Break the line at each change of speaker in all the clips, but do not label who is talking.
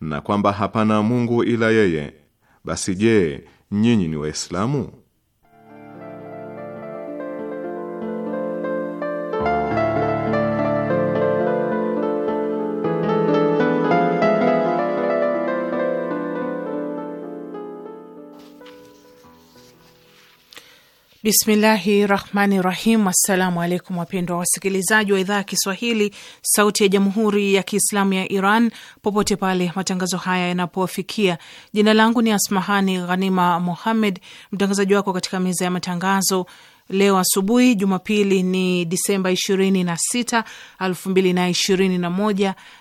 na kwamba hapana Mungu ila yeye. Basi je, nyinyi ni Waislamu?
Bismillahi rahmani rahim. Assalamu alaikum wapendwa wasikilizaji wa idhaa ya Kiswahili sauti ya jamhuri ya Kiislamu ya Iran popote pale matangazo haya yanapofikia. Jina langu ni Asmahani Ghanima muhammed mtangazaji wako katika meza ya matangazo leo asubuhi. Jumapili ni Disemba 26, na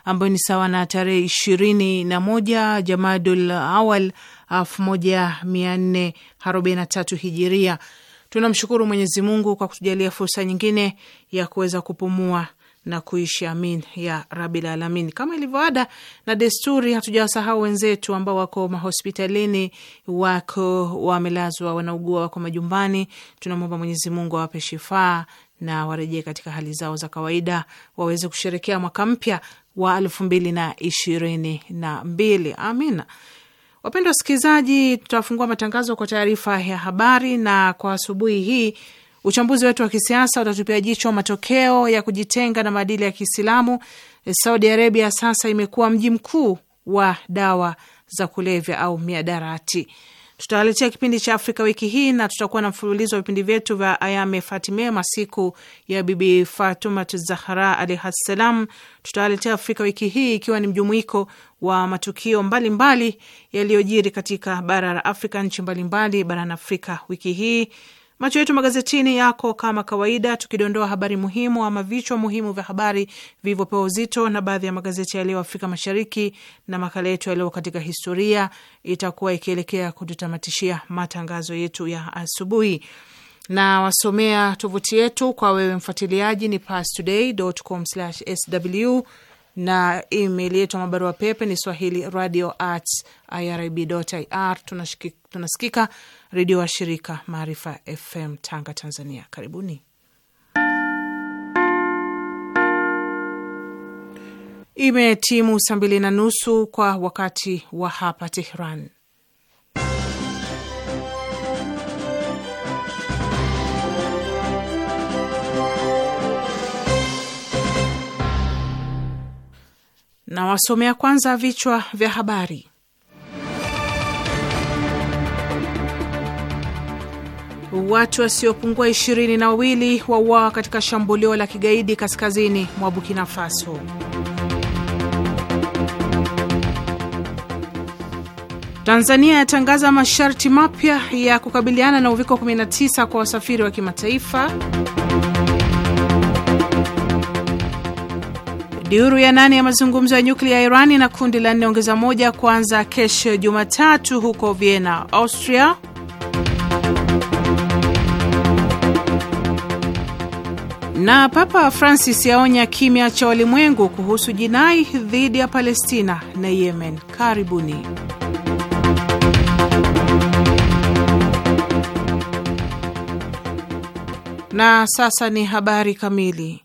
ambayo ni sawa na tarehe 21 Jamadul Awal 1443 hijiria Tunamshukuru Mwenyezi Mungu kwa kutujalia fursa nyingine ya kuweza kupumua na kuishi, amin ya rabil alamin. Kama ada na desturi, hatujawasahau wenzetu ambao wako mahospitalini, wako wamelazwa, wanaugua, wako majumbani. Tunamwomba Mwenyezi Mungu awape shifaa na warejee katika hali zao za kawaida, waweze kusherekea mwaka mpya wa elfu mbili na ishirini na mbili. Amina. Wapendwa wasikilizaji, tutafungua matangazo kwa taarifa ya habari, na kwa asubuhi hii uchambuzi wetu wa kisiasa utatupia jicho matokeo ya kujitenga na maadili ya Kiislamu. Saudi Arabia sasa imekuwa mji mkuu wa dawa za kulevya au miadarati. Tutawaletea kipindi cha Afrika wiki hii na tutakuwa na mfululizo wa vipindi vyetu vya Ayame Fatime, masiku ya Bibi Fatumat Zahra alaihis ssalam Tutawaletea Afrika wiki hii ikiwa ni mjumuiko wa matukio mbalimbali yaliyojiri katika bara la Afrika, nchi mbalimbali barani Afrika wiki hii Macho yetu magazetini yako kama kawaida, tukidondoa habari muhimu ama vichwa muhimu vya habari vilivyopewa uzito na baadhi ya magazeti ya leo Afrika Mashariki, na makala yetu ya leo katika historia itakuwa ikielekea kututamatishia matangazo yetu ya asubuhi na wasomea tovuti yetu kwa wewe mfuatiliaji ni pastoday.com/sw na email yetu ya mabarua pepe ni swahili radio at irib.ir. Tunasikika redio wa shirika Maarifa FM Tanga, Tanzania. Karibuni. Imetimu saa mbili na nusu kwa wakati wa hapa Tehran. Nawasomea kwanza vichwa vya habari. Watu wasiopungua ishirini na wawili wauawa katika shambulio la kigaidi kaskazini mwa Burkina Faso. Tanzania yatangaza masharti mapya ya kukabiliana na uviko 19 kwa wasafiri wa kimataifa. Duru ya nane ya mazungumzo ya nyuklia ya Irani na kundi la nne ongeza moja kuanza kesho Jumatatu huko Vienna, Austria. Na Papa Francis yaonya kimya cha walimwengu kuhusu jinai dhidi ya Palestina na Yemen. Karibuni. Na sasa ni habari kamili.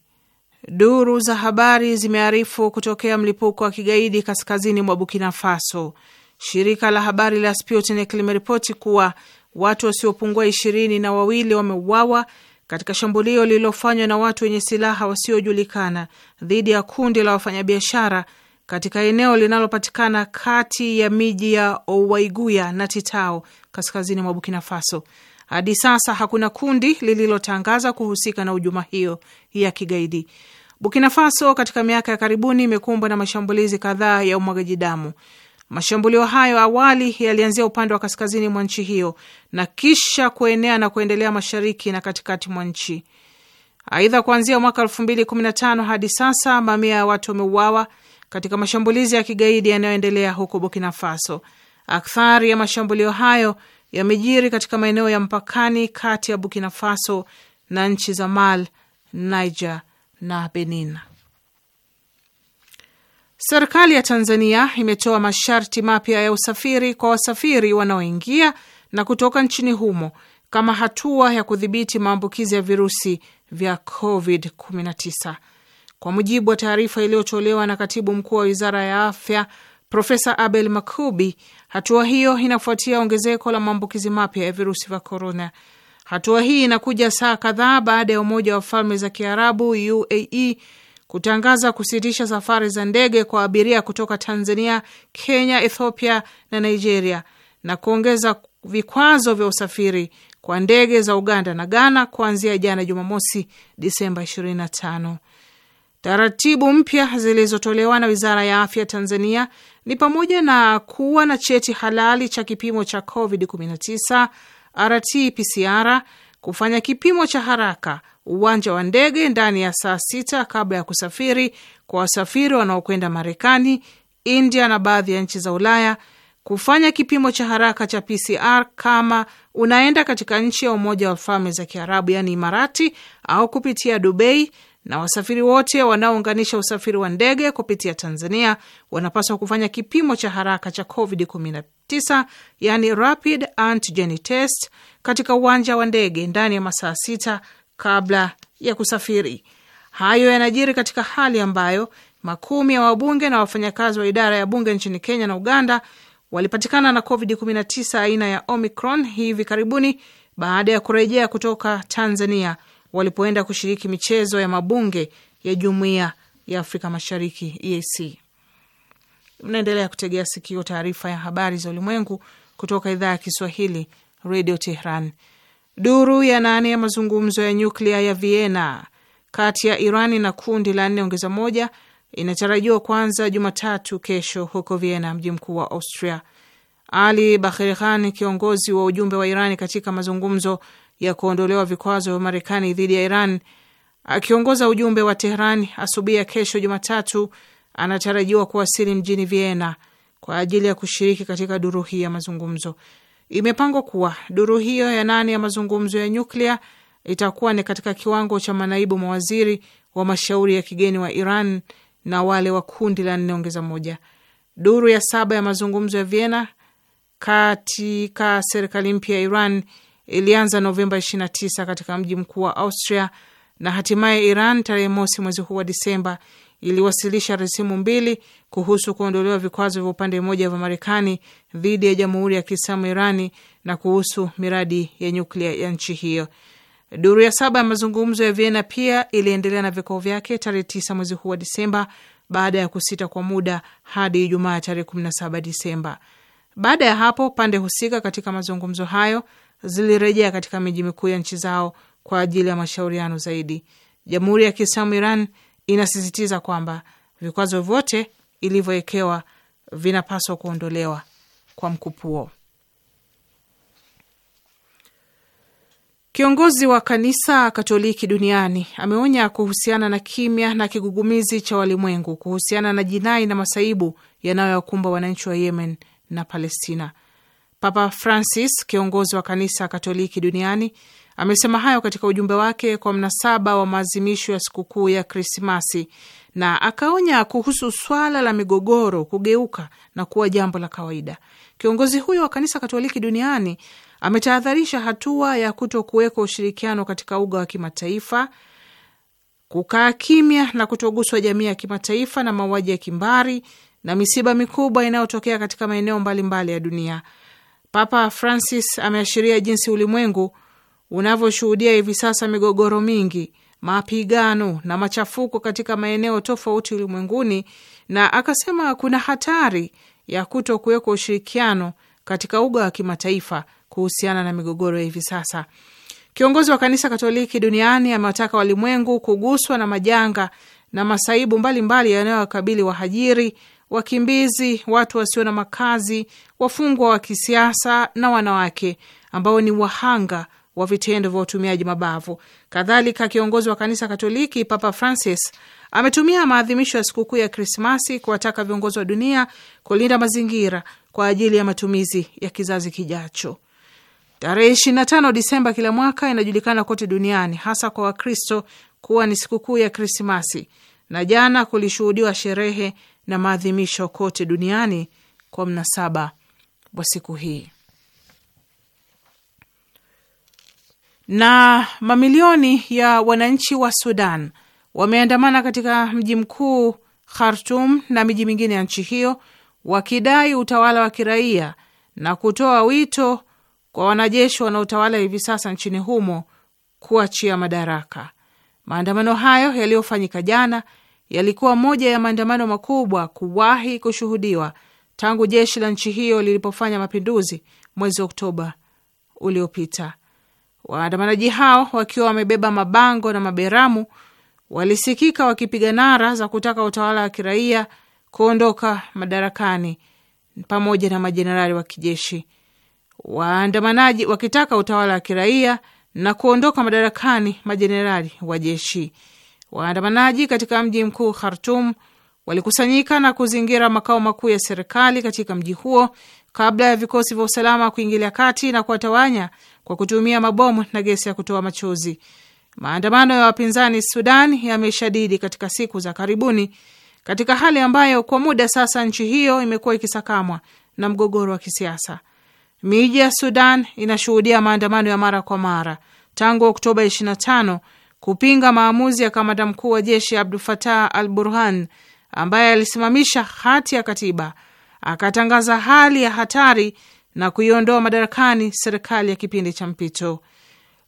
Duru za habari zimearifu kutokea mlipuko wa kigaidi kaskazini mwa Burkina Faso. Shirika la habari la Sputnik limeripoti kuwa watu wasiopungua ishirini na wawili wameuawa katika shambulio lililofanywa na watu wenye silaha wasiojulikana dhidi ya kundi la wafanyabiashara katika eneo linalopatikana kati ya miji ya Owaiguya na Titao kaskazini mwa Burkina Faso. Hadi sasa hakuna kundi lililotangaza kuhusika na hujuma hiyo ya kigaidi. Burkina Faso katika miaka ya karibuni imekumbwa na mashambulizi kadhaa ya umwagaji damu. Mashambulio hayo awali yalianzia upande wa kaskazini mwa nchi hiyo na kisha kuenea na kuendelea mashariki na katikati mwa nchi. Aidha, kuanzia mwaka 215 hadi sasa mamia ya watu wameuawa katika mashambulizi ya kigaidi yanayoendelea huko Burkina Faso. Akthari ya mashambulio hayo yamejiri katika maeneo ya mpakani kati ya Burkina Faso na nchi za Mali, Niger na Benin. Serikali ya Tanzania imetoa masharti mapya ya usafiri kwa wasafiri wanaoingia na kutoka nchini humo kama hatua ya kudhibiti maambukizi ya virusi vya COVID-19. Kwa mujibu wa taarifa iliyotolewa na katibu mkuu wa wizara ya afya Profesa Abel Makubi, hatua hiyo inafuatia ongezeko la maambukizi mapya ya virusi vya korona. Hatua hii inakuja saa kadhaa baada ya Umoja wa Falme za Kiarabu, UAE, kutangaza kusitisha safari za ndege kwa abiria kutoka Tanzania, Kenya, Ethiopia na Nigeria, na kuongeza vikwazo vya usafiri kwa ndege za Uganda na Ghana kuanzia jana Jumamosi, Disemba 25. Taratibu mpya zilizotolewa na Wizara ya Afya Tanzania ni pamoja na kuwa na cheti halali cha kipimo cha COVID-19 RT PCR, kufanya kipimo cha haraka uwanja wa ndege ndani ya saa sita kabla ya kusafiri kwa wasafiri wanaokwenda Marekani, India na baadhi ya nchi za Ulaya, kufanya kipimo cha haraka cha PCR kama unaenda katika nchi ya Umoja wa Falme za Kiarabu, yaani Imarati, au kupitia Dubai na wasafiri wote wanaounganisha usafiri wa ndege kupitia Tanzania wanapaswa kufanya kipimo cha haraka cha COVID-19 yani rapid antigen test katika uwanja wa ndege ndani ya masaa sita kabla ya kusafiri. Hayo yanajiri katika hali ambayo makumi ya wabunge na wafanyakazi wa idara ya bunge nchini Kenya na Uganda walipatikana na COVID-19 aina ya Omicron hivi karibuni baada ya kurejea kutoka Tanzania walipoenda kushiriki michezo ya mabunge ya Jumuiya ya Afrika Mashariki EAC. Mnaendelea kutegea sikio taarifa ya habari za ulimwengu kutoka idhaa ya Kiswahili, Radio Tehran. Duru ya nane ya mazungumzo ya nyuklia ya Vienna kati ya iran na kundi la nne ongeza moja inatarajiwa kuanza Jumatatu kesho huko Vienna, mji mkuu wa Austria. Ali Bagheri Khan, kiongozi wa ujumbe wa iran katika mazungumzo ya kuondolewa vikwazo vya Marekani dhidi ya Iran, akiongoza ujumbe wa Tehran asubuhi ya kesho Jumatatu, anatarajiwa kuwasili mjini Vienna kwa ajili ya kushiriki katika duru hii ya mazungumzo. Imepangwa kuwa duru hiyo ya nane ya mazungumzo ya nyuklia itakuwa ni katika kiwango cha manaibu mawaziri wa mashauri ya kigeni wa Iran na wale wa kundi la nne ongeza moja. Duru ya saba ya mazungumzo ya Vienna katika serikali mpya ya Iran ilianza Novemba 29 katika mji mkuu wa Austria na hatimaye Iran tarehe mosi mwezi huu wa Disemba iliwasilisha rasimu mbili kuhusu kuondolewa vikwazo vya upande mmoja vya Marekani dhidi ya Jamhuri ya Kiislamu Irani na kuhusu miradi ya nyuklia ya nchi hiyo. Duru ya saba ya mazungumzo ya Vienna pia iliendelea na vikao vyake tarehe tisa mwezi huu wa Disemba baada ya kusita kwa muda hadi Ijumaa tarehe saba Disemba. Baada ya hapo, pande husika katika mazungumzo hayo zilirejea katika miji mikuu ya nchi zao kwa ajili ya mashauriano zaidi. Jamhuri ya Kiislamu Iran inasisitiza kwamba vikwazo vyote ilivyowekewa vinapaswa kuondolewa kwa mkupuo. Kiongozi wa kanisa Katoliki duniani ameonya kuhusiana na kimya na kigugumizi cha walimwengu kuhusiana na jinai na masaibu yanayowakumba wananchi wa Yemen na Palestina. Papa Francis, kiongozi wa kanisa Katoliki duniani, amesema hayo katika ujumbe wake kwa mnasaba wa maadhimisho ya sikukuu ya Krismasi, na akaonya kuhusu swala la migogoro kugeuka na kuwa jambo la kawaida. Kiongozi huyo wa kanisa Katoliki duniani ametahadharisha hatua ya kuto kuweka ushirikiano katika uga wa kimataifa, kukaa kimya na kutoguswa jamii ya kimataifa na mauaji ya kimbari na misiba mikubwa inayotokea katika maeneo mbalimbali ya dunia. Papa Francis ameashiria jinsi ulimwengu unavyoshuhudia hivi sasa migogoro mingi, mapigano na machafuko katika maeneo tofauti ulimwenguni, na akasema kuna hatari ya kuto kuwekwa ushirikiano katika uga wa kimataifa kuhusiana na migogoro ya hivi sasa. Kiongozi wa kanisa Katoliki duniani amewataka walimwengu kuguswa na majanga na masaibu mbalimbali yanayowakabili wahajiri wakimbizi, watu wasio na makazi, wafungwa wa kisiasa na wanawake ambao ni wahanga wa vitendo vya utumiaji mabavu. Kadhalika, kiongozi wa kanisa Katoliki Papa Francis ametumia maadhimisho ya sikukuu ya Krismasi kuwataka viongozi wa dunia kulinda mazingira kwa ajili ya matumizi ya kizazi kijacho. Tarehe 25 Disemba kila mwaka inajulikana kote duniani, hasa kwa Wakristo, kuwa ni sikukuu ya Krismasi, na jana kulishuhudiwa sherehe na maadhimisho kote duniani kwa mnasaba wa siku hii. Na mamilioni ya wananchi wa Sudan wameandamana katika mji mkuu Khartum na miji mingine ya nchi hiyo wakidai utawala wa kiraia na kutoa wito kwa wanajeshi wanaotawala hivi sasa nchini humo kuachia madaraka. Maandamano hayo yaliyofanyika jana yalikuwa moja ya maandamano makubwa kuwahi kushuhudiwa tangu jeshi la nchi hiyo lilipofanya mapinduzi mwezi Oktoba uliopita. Waandamanaji hao wakiwa wamebeba mabango na maberamu walisikika wakipiga nara za kutaka utawala wa kiraia kuondoka madarakani pamoja na majenerali wa kijeshi. Waandamanaji wakitaka utawala wa kiraia na kuondoka madarakani majenerali wa jeshi. Waandamanaji katika mji mkuu Khartum walikusanyika na kuzingira makao makuu ya serikali katika mji huo kabla ya vikosi vya usalama kuingilia kati na kuwatawanya kwa kutumia mabomu na gesi ya kutoa machozi. Maandamano ya wapinzani Sudan yameshadidi katika siku za karibuni, katika hali ambayo kwa muda sasa nchi hiyo imekuwa ikisakamwa na mgogoro wa kisiasa. Miji ya Sudan inashuhudia maandamano ya mara kwa mara tangu Oktoba kupinga maamuzi ya kamanda mkuu wa jeshi Abdul Fatah al Burhan ambaye alisimamisha hati ya katiba akatangaza hali ya hatari na kuiondoa madarakani serikali ya kipindi cha mpito.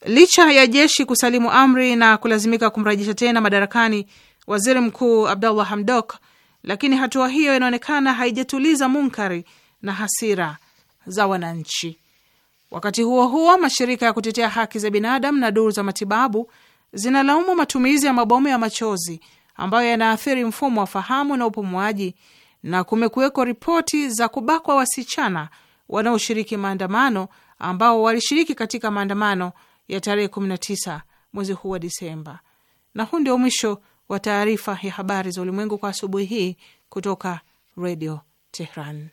Licha ya jeshi kusalimu amri na kulazimika kumrejesha tena madarakani waziri mkuu Abdallah Hamdok, lakini hatua hiyo inaonekana haijatuliza munkari na hasira za wananchi. Wakati huo huo, mashirika ya kutetea haki za binadamu na duru za matibabu zinalaumu matumizi ya mabomu ya machozi ambayo yanaathiri mfumo wa fahamu na upumuaji, na kumekuweko ripoti za kubakwa wasichana wanaoshiriki maandamano ambao walishiriki katika maandamano ya tarehe 19 mwezi huu wa Disemba. Na huu ndio mwisho wa taarifa ya habari za ulimwengu kwa asubuhi hii kutoka Redio Tehran.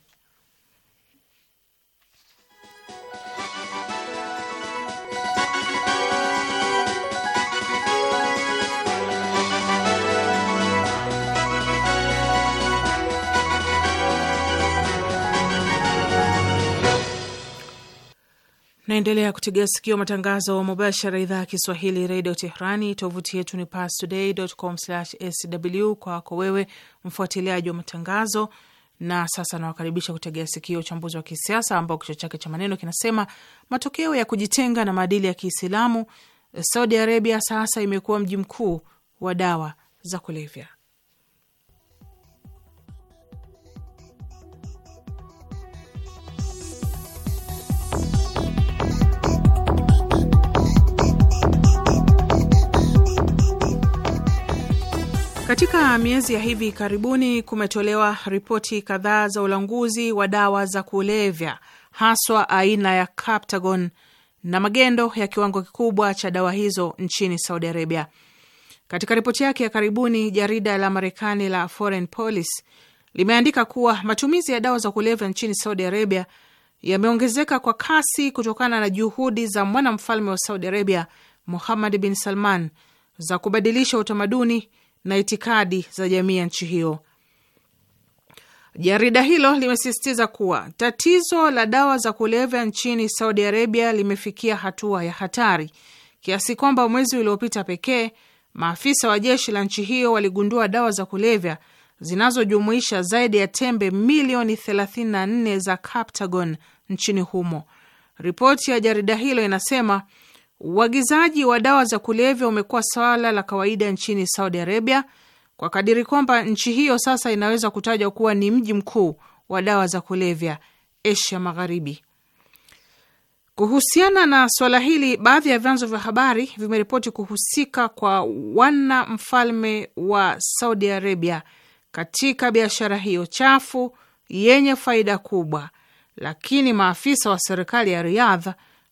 Naendelea kutegea sikio matangazo mubashara idhaa ya Kiswahili redio Tehrani. Tovuti yetu ni pastodaycom sw kwako wewe mfuatiliaji wa matangazo. Na sasa nawakaribisha kutegea sikio uchambuzi wa kisiasa ambao kichwa chake cha maneno kinasema matokeo ya kujitenga na maadili ya Kiislamu, Saudi Arabia sasa imekuwa mji mkuu wa dawa za kulevya. Katika miezi ya hivi karibuni kumetolewa ripoti kadhaa za ulanguzi wa dawa za kulevya haswa aina ya Captagon na magendo ya kiwango kikubwa cha dawa hizo nchini Saudi Arabia. Katika ripoti yake ya karibuni, jarida la Marekani la Foreign Policy limeandika kuwa matumizi ya dawa za kulevya nchini Saudi Arabia yameongezeka kwa kasi kutokana na juhudi za mwanamfalme wa Saudi Arabia Muhammad bin Salman za kubadilisha utamaduni na itikadi za jamii ya nchi hiyo. Jarida hilo limesisitiza kuwa tatizo la dawa za kulevya nchini Saudi Arabia limefikia hatua ya hatari kiasi kwamba mwezi uliopita pekee maafisa wa jeshi la nchi hiyo waligundua dawa za kulevya zinazojumuisha zaidi ya tembe milioni 34 za Captagon nchini humo. Ripoti ya jarida hilo inasema Uagizaji wa dawa za kulevya umekuwa swala la kawaida nchini Saudi Arabia kwa kadiri kwamba nchi hiyo sasa inaweza kutajwa kuwa ni mji mkuu wa dawa za kulevya Asia Magharibi. Kuhusiana na swala hili, baadhi ya vyanzo vya habari vimeripoti kuhusika kwa wana mfalme wa Saudi Arabia katika biashara hiyo chafu yenye faida kubwa, lakini maafisa wa serikali ya Riyadh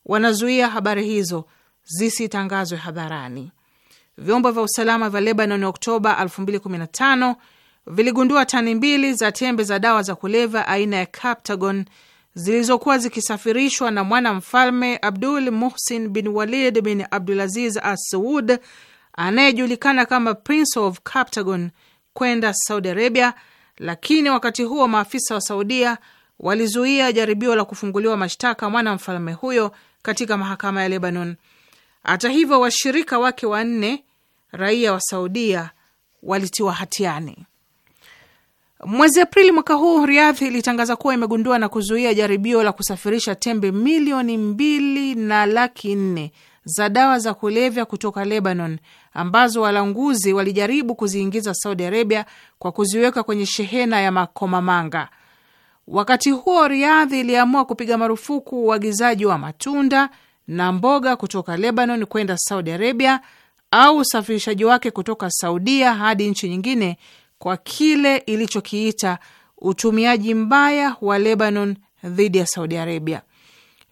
wanazuia habari hizo zisitangazwe hadharani. Vyombo vya usalama vya Lebanon Oktoba 2015 viligundua tani mbili za tembe za dawa za kulevya aina ya Captagon zilizokuwa zikisafirishwa na mwanamfalme Abdul Muhsin bin Walid bin Abdulaziz Assaud anayejulikana kama Prince of Captagon kwenda Saudi Arabia, lakini wakati huo maafisa wa Saudia walizuia jaribio la kufunguliwa mashtaka mwanamfalme huyo katika mahakama ya Lebanon hata hivyo, washirika wake wanne raia wa Saudia walitiwa hatiani. Mwezi Aprili mwaka huu, Riyadh ilitangaza kuwa imegundua na kuzuia jaribio la kusafirisha tembe milioni mbili na laki nne za dawa za kulevya kutoka Lebanon ambazo walanguzi walijaribu kuziingiza Saudi Arabia kwa kuziweka kwenye shehena ya makomamanga. Wakati huo, Riyadh iliamua kupiga marufuku uagizaji wa matunda na mboga kutoka Lebanon kwenda Saudi Arabia au usafirishaji wake kutoka Saudia hadi nchi nyingine kwa kile ilichokiita utumiaji mbaya wa Lebanon dhidi ya Saudi Arabia.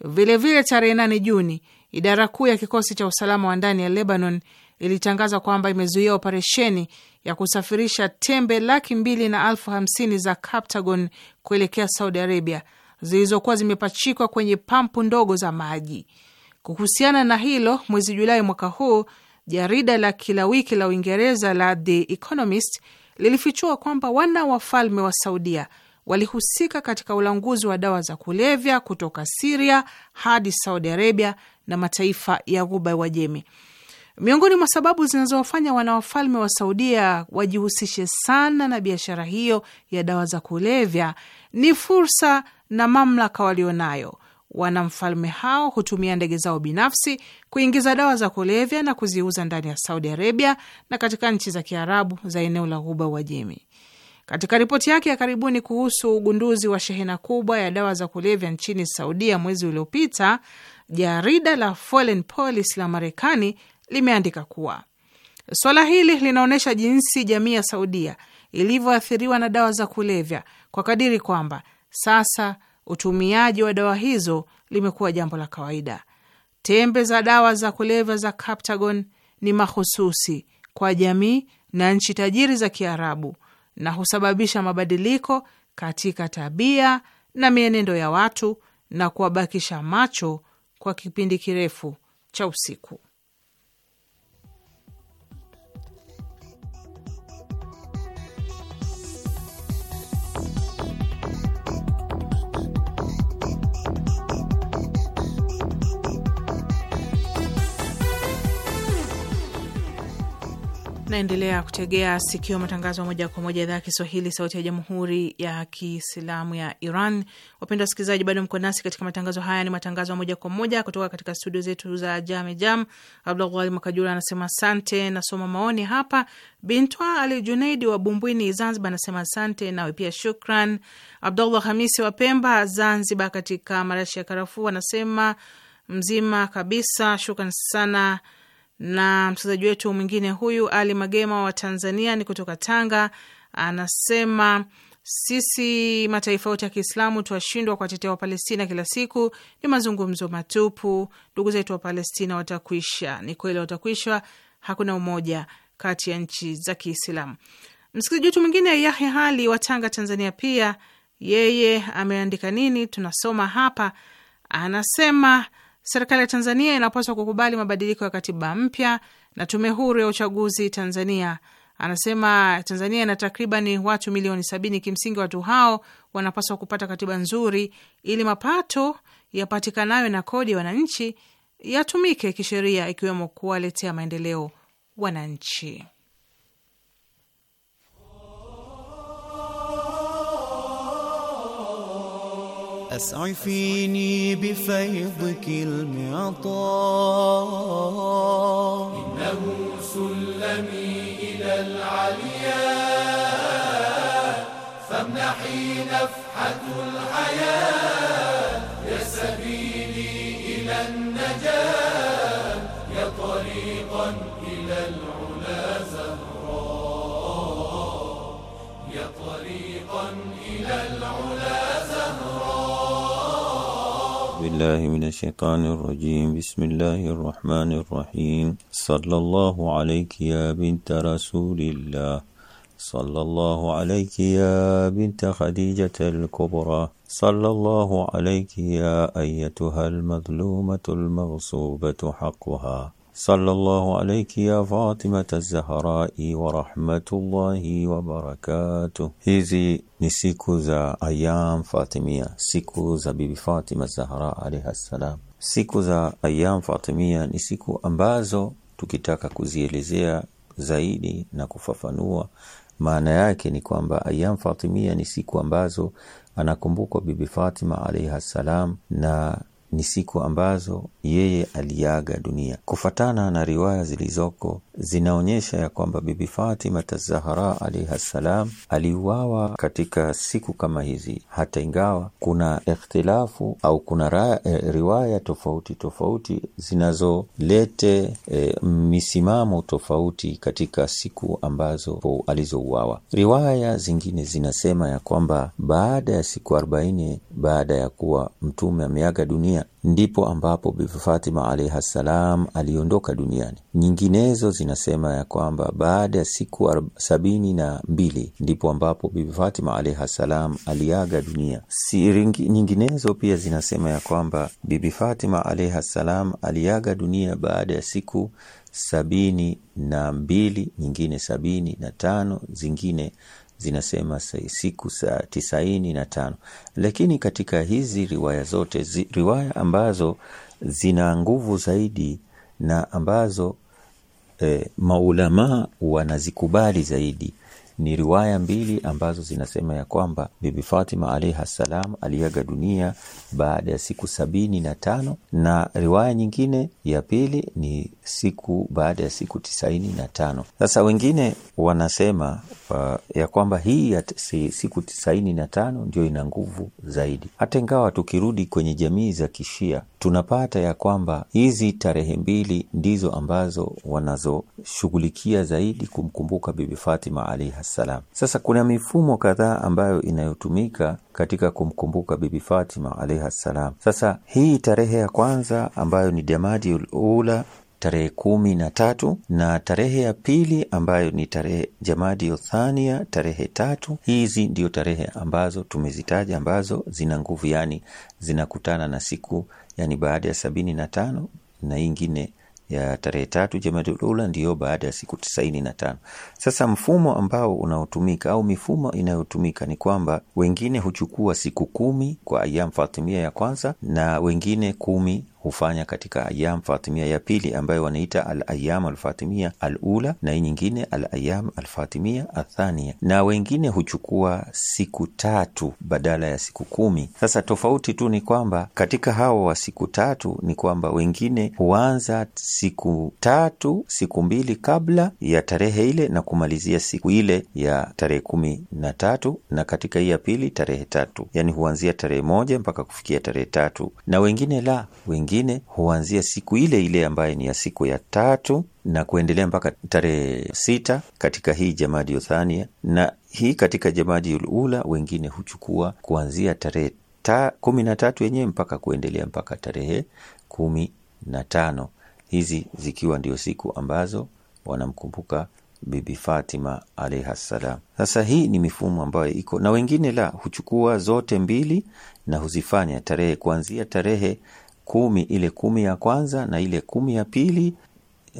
Vilevile, tarehe nane Juni, idara kuu ya kikosi cha usalama wa ndani ya Lebanon ilitangaza kwamba imezuia operesheni ya kusafirisha tembe laki mbili na elfu hamsini za Captagon kuelekea Saudi Arabia zilizokuwa zimepachikwa kwenye pampu ndogo za maji. Kuhusiana na hilo, mwezi Julai mwaka huu jarida la kila wiki la Uingereza la The Economist lilifichua kwamba wana wafalme wa Saudia walihusika katika ulanguzi wa dawa za kulevya kutoka Siria hadi Saudi Arabia na mataifa ya Ghuba wajemi Miongoni mwa sababu zinazowafanya wanawafalme wa Saudia wajihusishe sana na biashara hiyo ya dawa za kulevya ni fursa na mamlaka walionayo Wanamfalme hao hutumia ndege zao binafsi kuingiza dawa za kulevya na kuziuza ndani ya Saudi Arabia na katika nchi za Kiarabu za eneo la Ghuba Uajemi. Katika ripoti yake ya karibuni kuhusu ugunduzi wa shehena kubwa ya dawa za kulevya nchini Saudia mwezi uliopita, jarida la Foreign Policy la Marekani limeandika kuwa swala hili linaonyesha jinsi jamii ya Saudia ilivyoathiriwa na dawa za kulevya kwa kadiri kwamba sasa utumiaji wa dawa hizo limekuwa jambo la kawaida. Tembe za dawa za kulevya za Captagon ni mahususi kwa jamii na nchi tajiri za Kiarabu na husababisha mabadiliko katika tabia na mienendo ya watu na kuwabakisha macho kwa kipindi kirefu cha usiku. Naendelea kutegea sikio matangazo moja kwa moja idhaa ya Kiswahili, sauti ya jamhuri ya kiislamu ya Iran. Wapendwa wasikilizaji, bado mko nasi katika matangazo haya. Ni matangazo moja kwa moja kutoka katika studio zetu za Jam. Abdulghali Makajura anasema sante Nasoma maoni hapa. Bintwa Ali Junaidi wa Bumbwini, Zanzibar, anasema sante Nawe pia shukran. Abdullah Hamisi wa Pemba, Zanzibar, katika marashi ya karafuu anasema mzima kabisa, shukran sana na msikilizaji wetu mwingine huyu Ali Magema wa Tanzania ni kutoka Tanga, anasema sisi mataifa yote ya Kiislamu twashindwa kuwatetea Wapalestina kila siku, ni mazungumzo matupu. Ndugu zetu Wapalestina watakwisha, ni kweli watakwisha. Hakuna umoja kati ya nchi za Kiislamu. Msikilizaji wetu mwingine Yahya Hali wa Tanga, Tanzania, pia yeye ameandika nini? Tunasoma hapa, anasema serikali ya Tanzania inapaswa kukubali mabadiliko ya katiba mpya na tume huru ya uchaguzi Tanzania. Anasema Tanzania ina takriban watu milioni sabini. Kimsingi watu hao wanapaswa kupata katiba nzuri ili mapato yapatikanayo na kodi ya wananchi yatumike kisheria, ikiwemo kuwaletea maendeleo wananchi.
أسعفيني بفيضك المعطاء إنه سلمي إلى العلياء فامنحي نفحة الحياة يا سبيل
بالله من الشيطان الرجيم بسم الله الرحمن الرحيم صلى الله عليك يا بنت رسول الله صلى الله عليك يا بنت خديجة الكبرى صلى الله عليك يا أيتها المظلومة المغصوبة حقها صلى الله عليك يا فاطمة الزهراء ورحمة الله وبركاته hizi ni siku za ayam fatimia siku za bibi fatima zahra alaihi ssalam siku za ayam fatimia ni siku ambazo tukitaka kuzielezea zaidi na kufafanua maana yake ni kwamba ayam fatimia ni siku ambazo anakumbukwa bibi fatima alaihi ssalam na ni siku ambazo yeye aliaga dunia. Kufatana na riwaya zilizoko zinaonyesha ya kwamba Bibi Fatima Tazahara alaihi ssalam aliuawa katika siku kama hizi, hata ingawa kuna ikhtilafu au kuna raya, e, eh, riwaya tofauti tofauti zinazolete e, misimamo tofauti katika siku ambazo alizouawa. Riwaya zingine zinasema ya kwamba baada ya siku arobaini baada ya kuwa mtume ameaga dunia dunia, ndipo ambapo Bibi Fatima alaihi ssalam aliondoka duniani. Nyinginezo zinasema ya kwamba baada ya siku sabini na mbili ndipo ambapo Bibi Fatima alaihi ssalam aliaga dunia. Siringi nyinginezo pia zinasema ya kwamba Bibi Fatima alaihi ssalam aliaga dunia baada ya siku sabini na mbili, nyingine sabini na tano, zingine zinasema siku sa tisaini na tano, lakini katika hizi riwaya zote zi, riwaya ambazo zina nguvu zaidi na ambazo eh, maulamaa wanazikubali zaidi ni riwaya mbili ambazo zinasema ya kwamba Bibi Fatima alaihi ssalam aliaga dunia baada ya siku sabini na tano na riwaya nyingine ya pili ni siku baada ya siku tisaini na tano. Sasa wengine wanasema uh, ya kwamba hii ya siku tisaini na tano ndio ina nguvu zaidi, hata ingawa tukirudi kwenye jamii za Kishia tunapata ya kwamba hizi tarehe mbili ndizo ambazo wanazoshughulikia zaidi kumkumbuka Bibi Fatima alaihi ssalam. Sasa kuna mifumo kadhaa ambayo inayotumika katika kumkumbuka Bibi Fatima alaihi ssalam. Sasa hii tarehe ya kwanza ambayo ni Jamadiul Ula tarehe kumi na tatu na tarehe ya pili ambayo ni tarehe Jamadi Othania tarehe tatu. Hizi ndio tarehe ambazo tumezitaja ambazo zina nguvu, yani zinakutana na siku yani baada ya sabini na tano na ingine ya tarehe tatu Jamadul ndiyo baada ya siku tisaini na tano. Sasa mfumo ambao unaotumika au mifumo inayotumika ni kwamba wengine huchukua siku kumi kwa ayam fatimia ya kwanza na wengine kumi hufanya katika ayam fatimia ya pili ambayo wanaita alayam alfatimia alula na hii nyingine alayam alfatimia athania, na wengine huchukua siku tatu badala ya siku kumi. Sasa tofauti tu ni kwamba katika hawa wa siku tatu ni kwamba wengine huanza siku tatu siku mbili kabla ya tarehe ile na kumalizia siku ile ya tarehe kumi na tatu na katika hii ya pili tarehe tatu, yani huanzia tarehe moja mpaka kufikia tarehe tatu, na wengine la wengine nyingine huanzia siku ile ile ambayo ni ya siku ya tatu na kuendelea mpaka tarehe sita katika hii Jamadi Uthania, na hii katika Jamadi Ulula wengine huchukua kuanzia tarehe ta kumi na tatu yenyewe mpaka kuendelea mpaka tarehe kumi na tano hizi zikiwa ndio siku ambazo wanamkumbuka Bibi Fatima alaihi ssalam. Sasa hii ni mifumo ambayo iko na wengine la huchukua zote mbili na huzifanya tarehe kuanzia tarehe kumi, ile kumi ya kwanza na ile kumi ya pili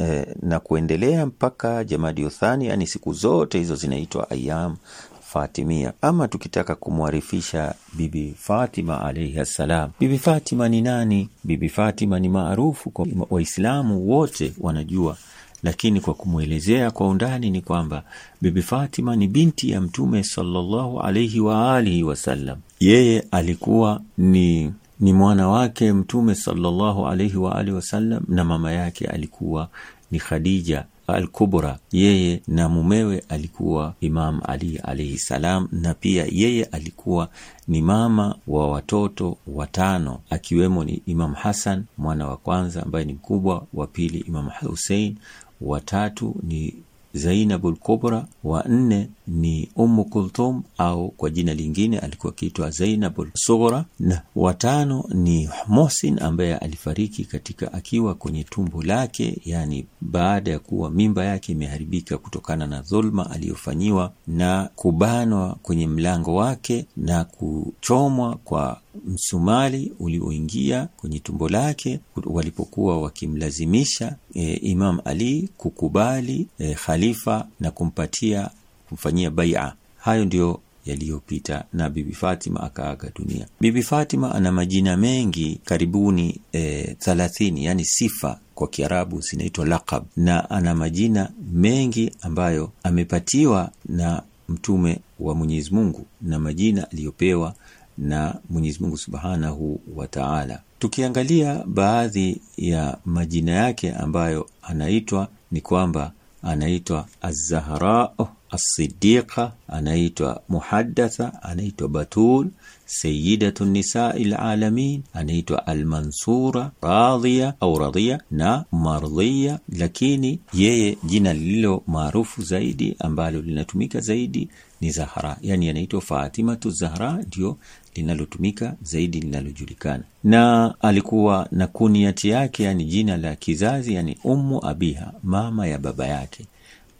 e, na kuendelea mpaka Jamadi Uthani, yani siku zote hizo zinaitwa ayam Fatimia. Ama tukitaka kumwarifisha Bibi Fatima alaihi ssalam, Bibi Fatima ni nani? Bibi Fatima ni maarufu kwa Waislamu wote wanajua, lakini kwa kumwelezea kwa undani ni kwamba Bibi Fatima ni binti ya Mtume sallallahu alaihi waalihi wasallam. Yeye alikuwa ni ni mwana wake Mtume sallallahu alaihi wa alihi wasallam, na mama yake alikuwa ni Khadija Al-Kubra. Yeye na mumewe alikuwa Imam Ali alaihi salam, na pia yeye alikuwa ni mama wa watoto watano, akiwemo ni Imam Hasan mwana wa kwanza ambaye ni mkubwa, wa pili Imam Husein, watatu ni Zainabul Kubra, wa nne ni Ummu Kulthum au kwa jina lingine alikuwa akiitwa Zainabul Sughra, na watano ni Muhsin ambaye alifariki katika akiwa kwenye tumbo lake, yani baada ya kuwa mimba yake imeharibika kutokana na dhulma aliyofanyiwa na kubanwa kwenye mlango wake na kuchomwa kwa msumali ulioingia kwenye tumbo lake walipokuwa wakimlazimisha e, Imam Ali kukubali e, khalifa na kumpatia kumfanyia baia. Hayo ndiyo yaliyopita na Bibi Fatima akaaga dunia. Bibi Fatima ana majina mengi karibuni e, thalathini, yani sifa kwa Kiarabu zinaitwa laqab, na ana majina mengi ambayo amepatiwa na Mtume wa Mwenyezi Mungu na majina aliyopewa na Mwenyezi Mungu Subhanahu wa Ta'ala. Tukiangalia baadhi ya majina yake ambayo anaitwa ni kwamba anaitwa azahra asidia anaitwa muhadatha anaitwa Batul, Sayyidatu Nisai Lalamin, anaitwa Almansura, radhia au radhia na Mardhiya. Lakini yeye jina lililo maarufu zaidi ambalo linatumika zaidi ni Zahra, yani anaitwa Fatimatu Zahra, ndio linalotumika zaidi linalojulikana, na alikuwa na kuniati yake, yani jina la kizazi, yani ummu abiha, mama ya baba yake,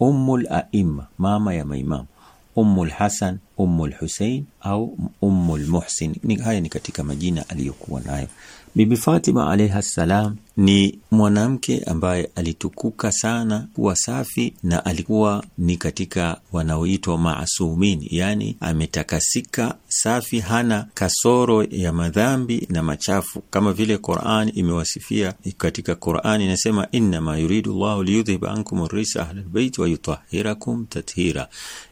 ummul aima, mama ya maimamu, ummul hasan, au ummul Haya ni katika majina aliyokuwa nayo Bibi Fatima alaihi salam ni mwanamke ambaye alitukuka sana kuwa safi na alikuwa ni katika wanaoitwa maasumini, yaani ametakasika safi, hana kasoro ya madhambi na machafu, kama vile Qur'an imewasifia katika Qur'an inasema, innama yuridu llahu liyudhhiba ankum risa ahlalbeiti wayutahirakum tathira,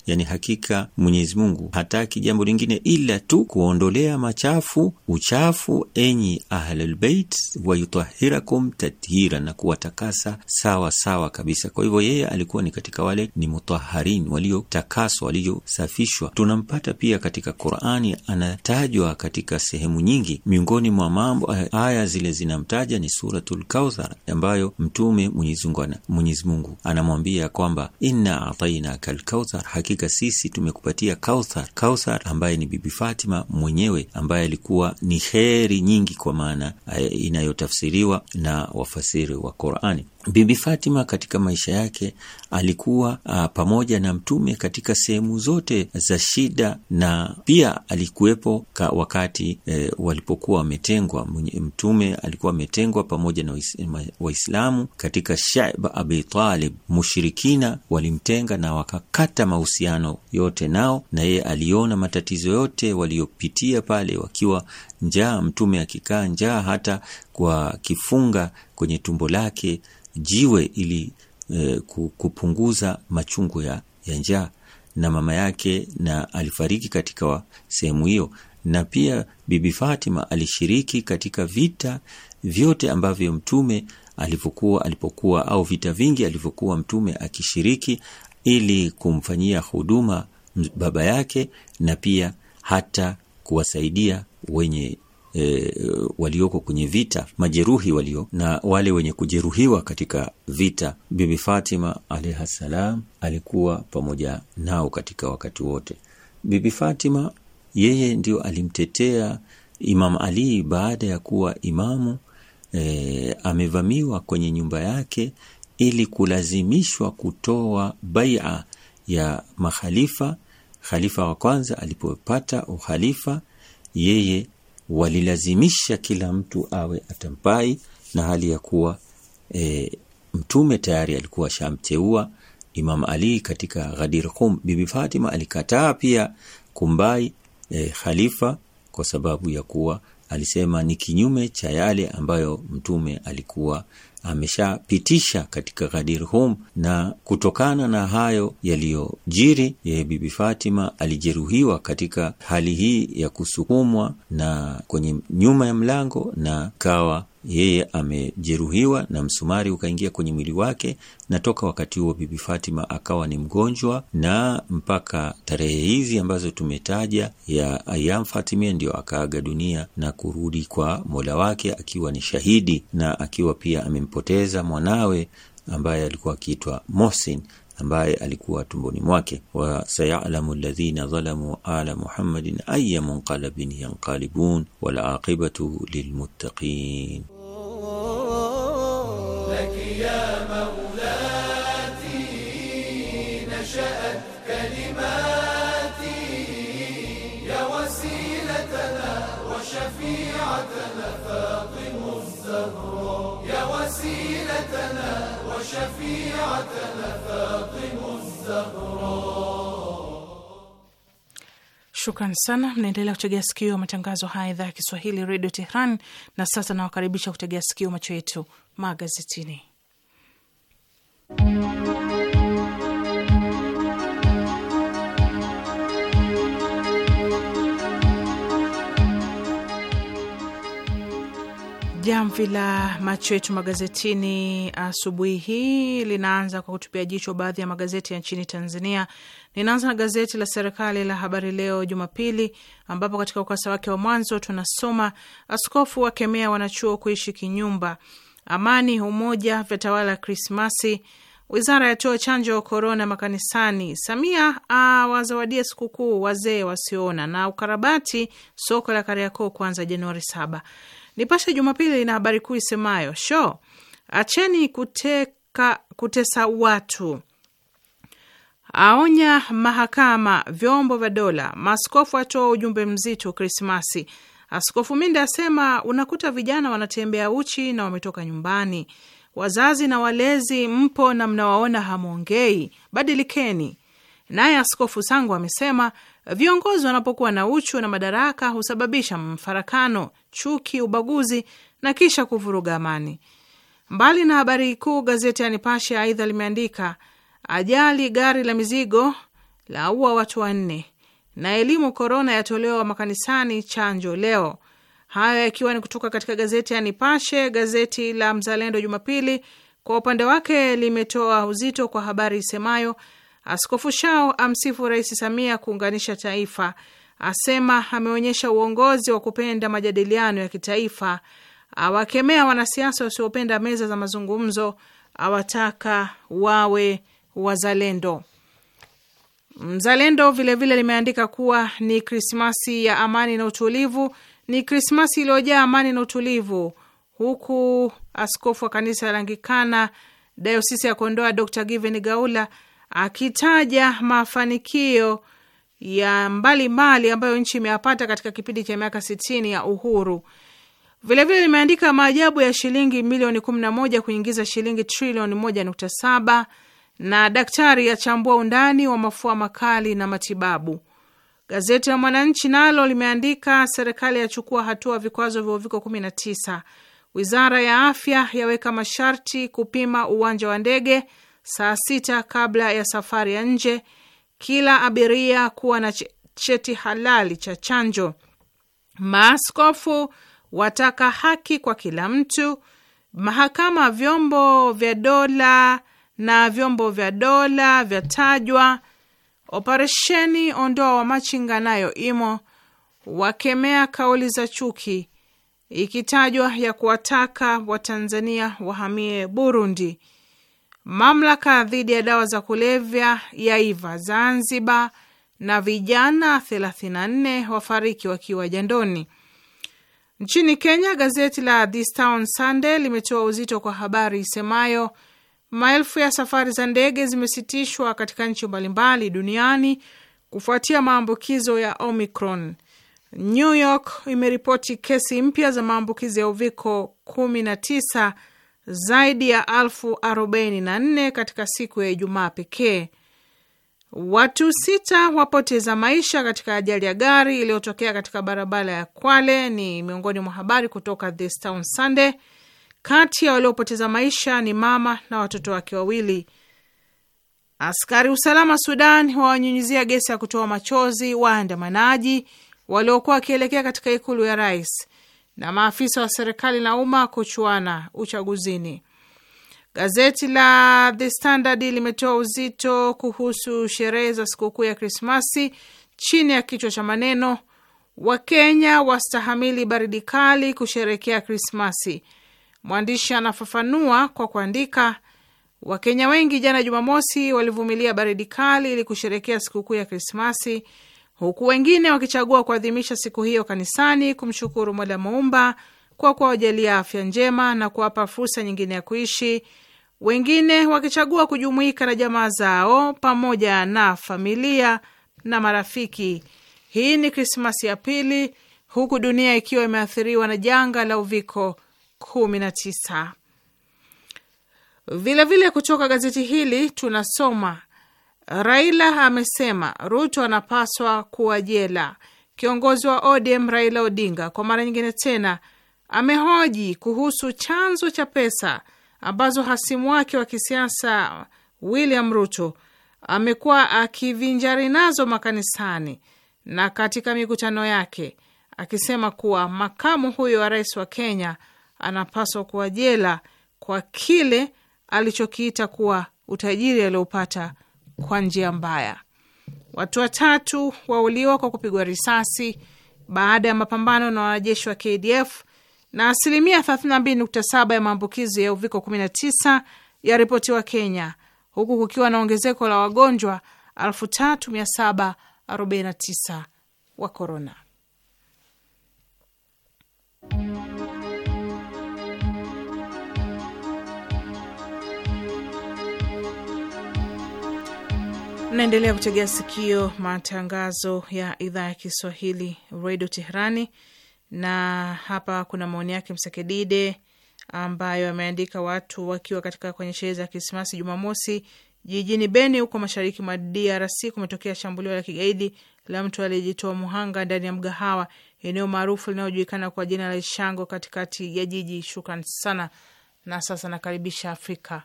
yani hakika Mwenyezi Mungu hataki jambo lingine ila tu kuondolea machafu uchafu enyi ahlalbeit, wayutahirakum lakum tathira, na kuwatakasa sawa sawa kabisa. Kwa hivyo yeye alikuwa ni katika wale ni mutaharin, waliotakaswa, waliosafishwa. Tunampata pia katika Qurani, anatajwa katika sehemu nyingi. Miongoni mwa mambo aya zile zinamtaja ni Suratul Kauthar, ambayo Mtume Mwenyezi Mungu anamwambia kwamba inna atainaka lkauthar, hakika sisi tumekupatia Kauthar. Kauthar ambaye ni Bibi Fatima mwenyewe, ambaye alikuwa ni kheri nyingi, kwa maana eh, inayotafsiriwa na wafasiri wa Qurani. Bibi Fatima katika maisha yake alikuwa a, ah, pamoja na Mtume katika sehemu zote za shida, na pia alikuwepo wakati e, walipokuwa wametengwa. Mtume alikuwa ametengwa pamoja na Waislamu katika Shaib Abi Talib. Mushirikina walimtenga na wakakata mahusiano yote nao, na yeye aliona matatizo yote waliopitia pale, wakiwa njaa, Mtume akikaa njaa, hata kwa kifunga kwenye tumbo lake jiwe ili e, kupunguza machungu ya, ya njaa na mama yake na alifariki katika sehemu hiyo, na pia Bibi Fatima alishiriki katika vita vyote ambavyo mtume alivyokuwa alipokuwa au vita vingi alivyokuwa mtume akishiriki ili kumfanyia huduma baba yake na pia hata kuwasaidia wenye e, walioko kwenye vita, majeruhi walio na wale wenye kujeruhiwa katika vita. Bibi Fatima alaihi salam alikuwa pamoja nao katika wakati wote. Bibi Fatima yeye ndio alimtetea Imam Ali baada ya kuwa imamu e, amevamiwa kwenye nyumba yake ili kulazimishwa kutoa baia ya makhalifa. Khalifa wa kwanza alipopata ukhalifa, yeye walilazimisha kila mtu awe atampai, na hali ya kuwa e, mtume tayari alikuwa shamteua Imam Ali katika Ghadir Qum. Bibi Fatima alikataa pia kumbai e, khalifa kwa sababu ya kuwa alisema ni kinyume cha yale ambayo mtume alikuwa ameshapitisha katika Ghadir Hum, na kutokana na hayo yaliyojiri, yeye Bibi Fatima alijeruhiwa katika hali hii ya kusukumwa na kwenye nyuma ya mlango na kawa yeye amejeruhiwa na msumari ukaingia kwenye mwili wake, na toka wakati huo Bibi Fatima akawa ni mgonjwa, na mpaka tarehe hizi ambazo tumetaja ya ayam fatimia ndio akaaga dunia na kurudi kwa Mola wake akiwa ni shahidi na akiwa pia amempoteza mwanawe ambaye alikuwa akiitwa Mohsin ambaye alikuwa tumboni mwake. wa sayalamu ladhina dhalamu ala muhammadin aya munqalabin yanqalibun walaaqibatu lilmuttaqin.
لك يا مولاتي نشأت كلماتي يا وسيلتنا وشفيعتنا فاطم الزهراء يا وسيلتنا وشفيعتنا فاطم الزهراء
Shukran sana. Mnaendelea kutegea sikio matangazo haya idhaa ya Kiswahili redio Tehran. Na sasa nawakaribisha kutegea sikio macho yetu magazetini. Jamvi la macho yetu magazetini asubuhi hii linaanza kwa kutupia jicho baadhi ya magazeti ya nchini Tanzania. Ninaanza na gazeti la serikali la Habari Leo Jumapili, ambapo katika ukurasa wake wa mwanzo tunasoma askofu wakemea wanachuo kuishi kinyumba amani, umoja, vyatawala Krismasi, wizara yatoa chanjo wa korona makanisani, Samia awazawadia sikukuu wazee wasioona, na ukarabati soko la Kariakoo kuanza Januari saba. Nipashe Jumapili na habari kuu isemayo sho acheni kuteka, kutesa watu aonya mahakama, vyombo vya dola, maskofu atoa ujumbe mzito Krismasi, Askofu Minde asema unakuta vijana wanatembea uchi na wametoka nyumbani. Wazazi na walezi mpo na mnawaona hamwongei, badilikeni. Naye Askofu Sangu amesema viongozi wanapokuwa na uchu na madaraka husababisha mfarakano, chuki, ubaguzi na kisha kuvuruga amani. Mbali na habari kuu, gazeti ya Nipashe aidha limeandika ajali gari la mizigo la ua watu wanne, na elimu korona yatolewa makanisani, chanjo leo. Hayo yakiwa ni kutoka katika gazeti ya Nipashe. Gazeti la Mzalendo Jumapili kwa upande wake limetoa uzito kwa habari isemayo Askofu Shao amsifu Rais Samia kuunganisha taifa, asema ameonyesha uongozi wa kupenda majadiliano ya kitaifa, awakemea wanasiasa wasiopenda meza za mazungumzo, awataka wawe wazalendo. Mzalendo vilevile vile limeandika kuwa ni Krismasi ya amani na utulivu, ni Krismasi iliyojaa amani na utulivu, huku askofu wa kanisa la Anglikana dayosisi ya Kondoa Dr Given Gaula akitaja mafanikio ya mbalimbali mbali ambayo nchi imeyapata katika kipindi cha miaka sitini ya uhuru. Vilevile limeandika maajabu ya shilingi milioni moja kuingiza shilingi trilioni moja saba na daktari achambua undani wa mafua makali na matibabu. Gazeti la Mwananchi nalo limeandika serikali yachukua hatua vikwazo vya uviko 19, wizara ya afya yaweka masharti kupima uwanja wa ndege saa sita kabla ya safari ya nje, kila abiria kuwa na cheti halali cha chanjo, maaskofu wataka haki kwa kila mtu, mahakama vyombo vya dola na vyombo vya dola vyatajwa. Operesheni ondoa wa machinga nayo imo, wakemea kauli za chuki ikitajwa ya kuwataka Watanzania wahamie Burundi. Mamlaka dhidi ya dawa za kulevya yaiva Zanzibar, na vijana 34 wafariki wakiwa jandoni. Nchini Kenya, gazeti la The Sunday limetoa uzito kwa habari isemayo Maelfu ya safari za ndege zimesitishwa katika nchi mbalimbali duniani kufuatia maambukizo ya Omicron. New York imeripoti kesi mpya za maambukizi ya uviko 19 zaidi ya elfu katika siku ya Ijumaa pekee. Watu sita wapoteza maisha katika ajali ya gari iliyotokea katika barabara ya Kwale ni miongoni mwa habari kutoka This Town Sunday. Kati ya waliopoteza maisha ni mama na watoto wake wawili. Askari usalama Sudan wawanyunyizia gesi ya kutoa machozi waandamanaji waliokuwa wakielekea katika ikulu ya rais na maafisa wa serikali na umma kuchuana uchaguzini. Gazeti la The Standard limetoa uzito kuhusu sherehe za sikukuu ya Krismasi chini ya kichwa cha maneno, Wakenya wastahamili baridi kali kusherekea Krismasi. Mwandishi anafafanua kwa kuandika, Wakenya wengi jana Jumamosi walivumilia baridi kali ili kusherekea sikukuu ya Krismasi, huku wengine wakichagua kuadhimisha siku hiyo kanisani kumshukuru Mola Muumba kwa kuwajalia afya njema na kuwapa fursa nyingine ya kuishi, wengine wakichagua kujumuika na jamaa zao pamoja na familia na marafiki. Hii ni Krismasi ya pili huku dunia ikiwa imeathiriwa na janga la uviko 19. Vilevile kutoka gazeti hili tunasoma Raila amesema Ruto anapaswa kuwa jela. Kiongozi wa ODM Raila Odinga kwa mara nyingine tena amehoji kuhusu chanzo cha pesa ambazo hasimu wake wa kisiasa William Ruto amekuwa akivinjari nazo makanisani na katika mikutano yake, akisema kuwa makamu huyo wa rais wa Kenya anapaswa kuwa jela kwa kile alichokiita kuwa utajiri aliopata kwa njia mbaya. Watu watatu wauliwa kwa kupigwa risasi baada ya mapambano na wanajeshi wa KDF na asilimia 32.7 ya maambukizi ya uviko 19 ya ripoti wa Kenya, huku kukiwa na ongezeko la wagonjwa 3749 wa korona. Naendelea kutegea sikio matangazo ya idhaa ya Kiswahili redio Teherani. Na hapa kuna maoni yake Msekedide ambayo ameandika watu wakiwa katika kwenye sherehe za Krismasi Jumamosi jijini Beni huko mashariki mwa DRC kumetokea shambulio la kigaidi la mtu aliyejitoa muhanga ndani ya mgahawa eneo maarufu linalojulikana kwa jina la Ishango katikati ya jiji. Shukran sana, na sasa nakaribisha Afrika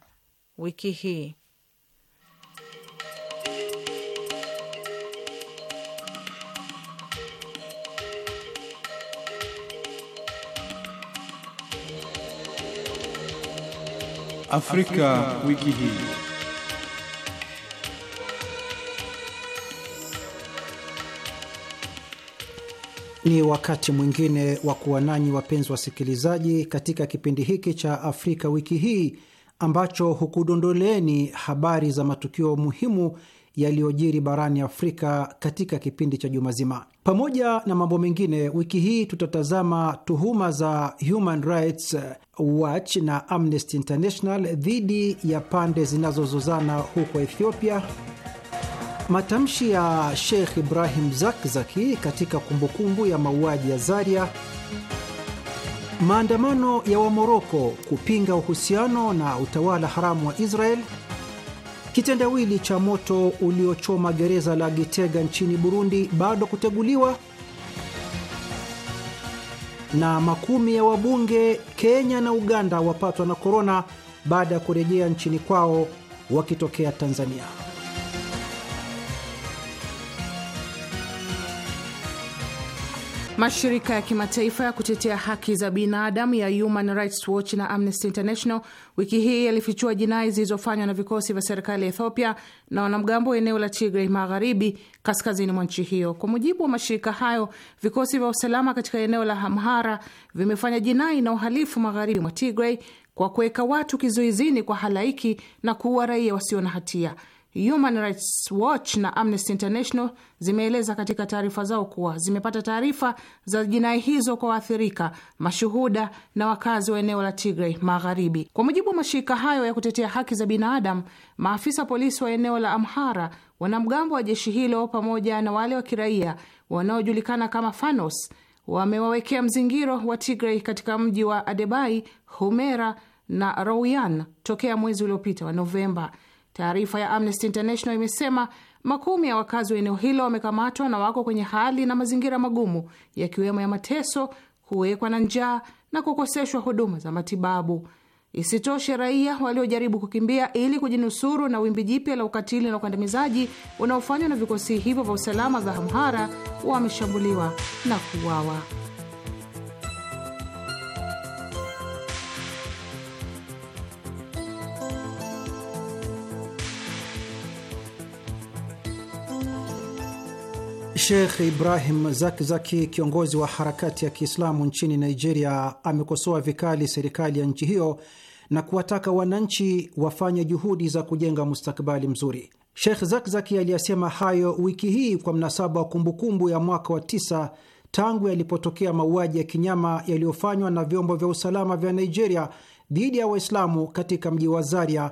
wiki hii
Afrika, wiki hii.
Ni wakati mwingine wa kuwa nanyi wapenzi wasikilizaji, katika kipindi hiki cha Afrika wiki hii ambacho hukudondoleeni habari za matukio muhimu yaliyojiri barani Afrika katika kipindi cha juma zima. Pamoja na mambo mengine, wiki hii tutatazama tuhuma za Human Rights Watch na Amnesty International dhidi ya pande zinazozozana huko Ethiopia, matamshi ya Sheikh Ibrahim Zakzaki katika kumbukumbu ya mauaji ya Zaria, maandamano ya Wamoroko kupinga uhusiano na utawala haramu wa Israel Kitendawili cha moto uliochoma gereza la Gitega nchini Burundi bado kuteguliwa, na makumi ya wabunge Kenya na Uganda wapatwa na korona baada ya kurejea nchini kwao wakitokea Tanzania.
Mashirika ya kimataifa ya kutetea haki za binadamu ya Human Rights Watch na Amnesty International wiki hii yalifichua jinai zilizofanywa na vikosi vya serikali ya Ethiopia na wanamgambo wa eneo la Tigray magharibi kaskazini mwa nchi hiyo. Kwa mujibu wa mashirika hayo, vikosi vya usalama katika eneo la Amhara vimefanya jinai na uhalifu magharibi mwa Tigray kwa kuweka watu kizuizini kwa halaiki na kuua raia wasio na hatia. Human Rights Watch na Amnesty International zimeeleza katika taarifa zao kuwa zimepata taarifa za jinai hizo kwa waathirika, mashuhuda na wakazi wa eneo la Tigray Magharibi. Kwa mujibu wa mashirika hayo ya kutetea haki za binadamu, maafisa polisi wa eneo la Amhara, wanamgambo wa jeshi hilo pamoja na wale wa kiraia wanaojulikana kama Fanos wamewawekea mzingiro wa Tigray katika mji wa Adebai, Humera na rouyan tokea mwezi uliopita wa Novemba. Taarifa ya Amnesty International imesema makumi ya wakazi wa eneo hilo wamekamatwa na wako kwenye hali na mazingira magumu, yakiwemo ya mateso, kuwekwa na njaa na kukoseshwa huduma za matibabu. Isitoshe, raia waliojaribu kukimbia ili kujinusuru na wimbi jipya la ukatili na ukandamizaji unaofanywa na vikosi hivyo vya usalama vya Amhara wameshambuliwa na kuuawa.
Sheikh Ibrahim Zakzaki, kiongozi wa harakati ya Kiislamu nchini Nigeria, amekosoa vikali serikali ya nchi hiyo na kuwataka wananchi wafanye juhudi za kujenga mustakabali mzuri. Sheikh Zakzaki aliyasema hayo wiki hii kwa mnasaba wa kumbukumbu ya mwaka wa tisa tangu yalipotokea mauaji ya kinyama yaliyofanywa na vyombo vya usalama vya Nigeria dhidi ya Waislamu katika mji wa Zaria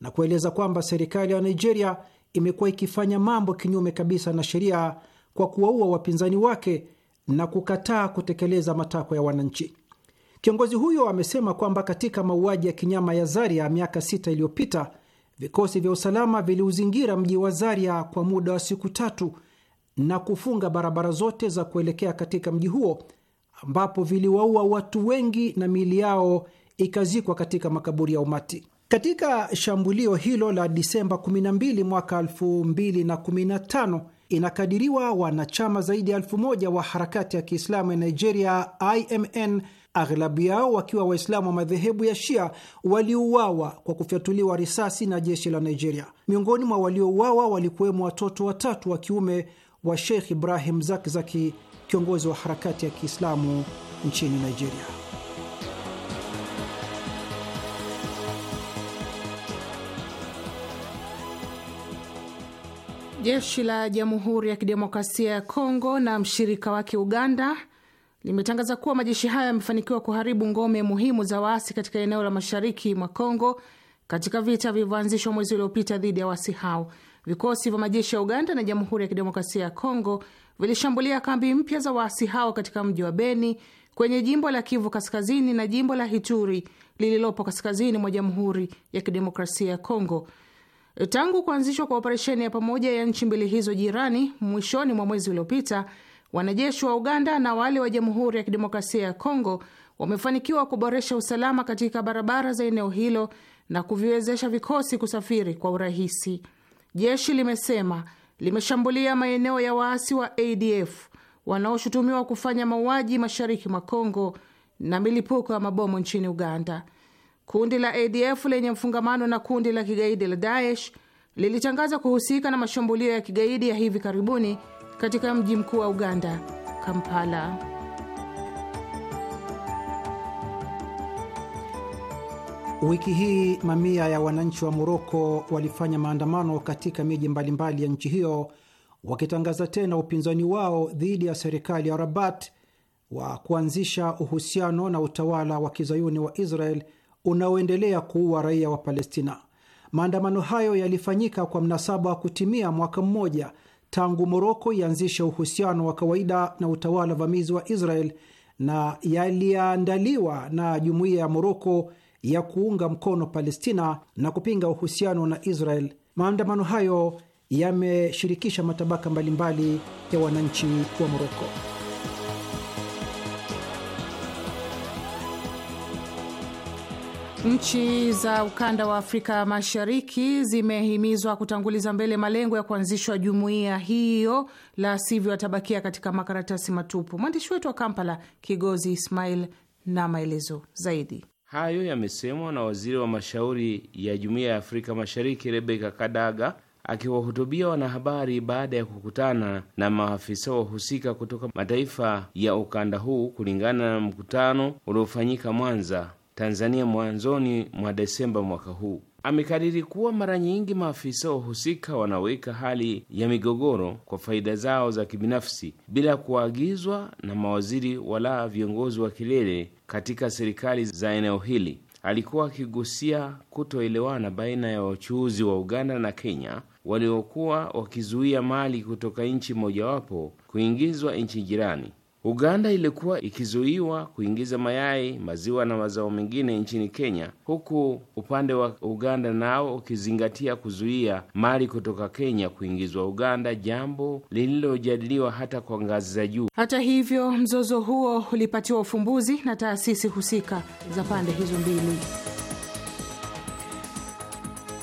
na kueleza kwamba serikali ya Nigeria imekuwa ikifanya mambo kinyume kabisa na sheria kwa kuwaua wapinzani wake na kukataa kutekeleza matakwa ya wananchi. Kiongozi huyo amesema kwamba katika mauaji ya kinyama ya Zaria miaka sita iliyopita vikosi vya usalama viliuzingira mji wa Zaria kwa muda wa siku tatu na kufunga barabara zote za kuelekea katika mji huo ambapo viliwaua watu wengi na miili yao ikazikwa katika makaburi ya umati. Katika shambulio hilo la Disemba 12 mwaka 2015 Inakadiriwa wanachama zaidi ya elfu moja wa harakati ya Kiislamu ya Nigeria, IMN, aghlabu yao wakiwa Waislamu wa madhehebu ya Shia waliouawa kwa kufyatuliwa risasi na jeshi la Nigeria. Miongoni mwa waliouawa walikuwemo watoto watatu wa kiume wa Sheikh Ibrahim Zakzaki, kiongozi wa harakati ya Kiislamu nchini Nigeria.
Jeshi la Jamhuri ya Kidemokrasia ya Kongo na mshirika wake Uganda limetangaza kuwa majeshi hayo yamefanikiwa kuharibu ngome muhimu za waasi katika eneo la mashariki mwa Kongo katika vita vilivyoanzishwa mwezi uliopita dhidi ya waasi hao. Vikosi vya majeshi ya Uganda na Jamhuri ya Kidemokrasia ya Kongo vilishambulia kambi mpya za waasi hao katika mji wa Beni kwenye jimbo la Kivu Kaskazini na jimbo la hituri lililopo kaskazini mwa Jamhuri ya Kidemokrasia ya Kongo. Tangu kuanzishwa kwa operesheni ya pamoja ya nchi mbili hizo jirani mwishoni mwa mwezi uliopita, wanajeshi wa Uganda na wale wa Jamhuri ya Kidemokrasia ya Kongo wamefanikiwa kuboresha usalama katika barabara za eneo hilo na kuviwezesha vikosi kusafiri kwa urahisi. Jeshi limesema limeshambulia maeneo ya waasi wa ADF wanaoshutumiwa kufanya mauaji mashariki mwa Kongo na milipuko ya mabomu nchini Uganda. Kundi la ADF lenye mfungamano na kundi la kigaidi la Daesh lilitangaza kuhusika na mashambulio ya kigaidi ya hivi karibuni katika mji mkuu wa Uganda, Kampala.
Wiki hii mamia ya wananchi wa Moroko walifanya maandamano katika miji mbalimbali ya nchi hiyo wakitangaza tena upinzani wao dhidi ya serikali ya Rabat wa kuanzisha uhusiano na utawala wa kizayuni wa Israel unaoendelea kuua raia wa Palestina. Maandamano hayo yalifanyika kwa mnasaba wa kutimia mwaka mmoja tangu Moroko ianzishe uhusiano wa kawaida na utawala vamizi wa Israel na yaliandaliwa na jumuiya ya Moroko ya kuunga mkono Palestina na kupinga uhusiano na Israel. Maandamano hayo yameshirikisha matabaka mbalimbali ya wananchi wa Moroko.
Nchi za ukanda wa Afrika Mashariki zimehimizwa kutanguliza mbele malengo ya kuanzishwa jumuiya hiyo, la sivyo yatabakia katika makaratasi matupu. Mwandishi wetu wa Kampala, Kigozi Ismail, na maelezo zaidi.
Hayo yamesemwa na waziri wa mashauri ya jumuiya ya Afrika Mashariki Rebeka Kadaga akiwahutubia wanahabari baada ya kukutana na maafisa wahusika kutoka mataifa ya ukanda huu kulingana na mkutano uliofanyika Mwanza. Tanzania mwanzoni mwa Desemba mwaka huu. Amekariri kuwa mara nyingi maafisa wahusika wanaweka hali ya migogoro kwa faida zao za kibinafsi bila kuagizwa na mawaziri wala viongozi wa kilele katika serikali za eneo hili. Alikuwa akigusia kutoelewana baina ya wachuuzi wa Uganda na Kenya waliokuwa wakizuia mali kutoka nchi mojawapo kuingizwa nchi jirani. Uganda ilikuwa ikizuiwa kuingiza mayai, maziwa na mazao mengine nchini Kenya, huku upande wa Uganda nao ukizingatia kuzuia mali kutoka Kenya kuingizwa Uganda, jambo lililojadiliwa hata kwa ngazi za juu.
Hata hivyo, mzozo huo ulipatiwa ufumbuzi na taasisi husika za pande hizo mbili.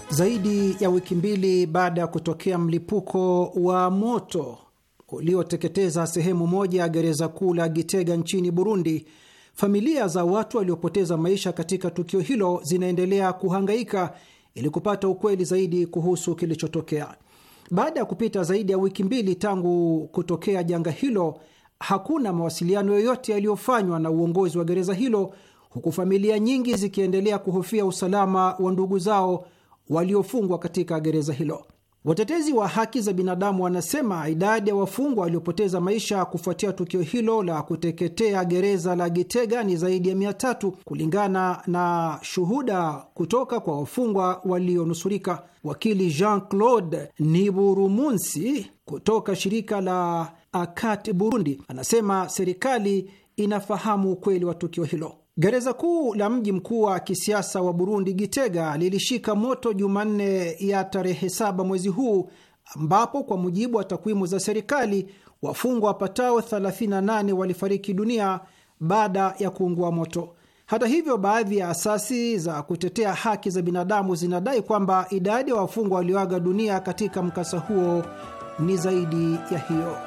Zaidi ya wiki mbili baada ya kutokea mlipuko wa moto ulioteketeza sehemu moja ya gereza kuu la Gitega nchini Burundi. Familia za watu waliopoteza maisha katika tukio hilo zinaendelea kuhangaika ili kupata ukweli zaidi kuhusu kilichotokea. Baada ya kupita zaidi ya wiki mbili tangu kutokea janga hilo, hakuna mawasiliano yoyote yaliyofanywa na uongozi wa gereza hilo, huku familia nyingi zikiendelea kuhofia usalama wa ndugu zao waliofungwa katika gereza hilo. Watetezi wa haki za binadamu wanasema idadi ya wafungwa waliopoteza maisha kufuatia tukio hilo la kuteketea gereza la Gitega ni zaidi ya mia tatu kulingana na shuhuda kutoka kwa wafungwa walionusurika. Wakili Jean-Claude Niburumunsi kutoka shirika la akat Burundi anasema serikali inafahamu ukweli wa tukio hilo. Gereza kuu la mji mkuu wa kisiasa wa Burundi, Gitega, lilishika moto Jumanne ya tarehe saba mwezi huu, ambapo kwa mujibu wa takwimu za serikali wafungwa wapatao 38 walifariki dunia baada ya kuungua moto. Hata hivyo, baadhi ya asasi za kutetea haki za binadamu zinadai kwamba idadi ya wafungwa walioaga dunia katika mkasa huo ni zaidi ya hiyo.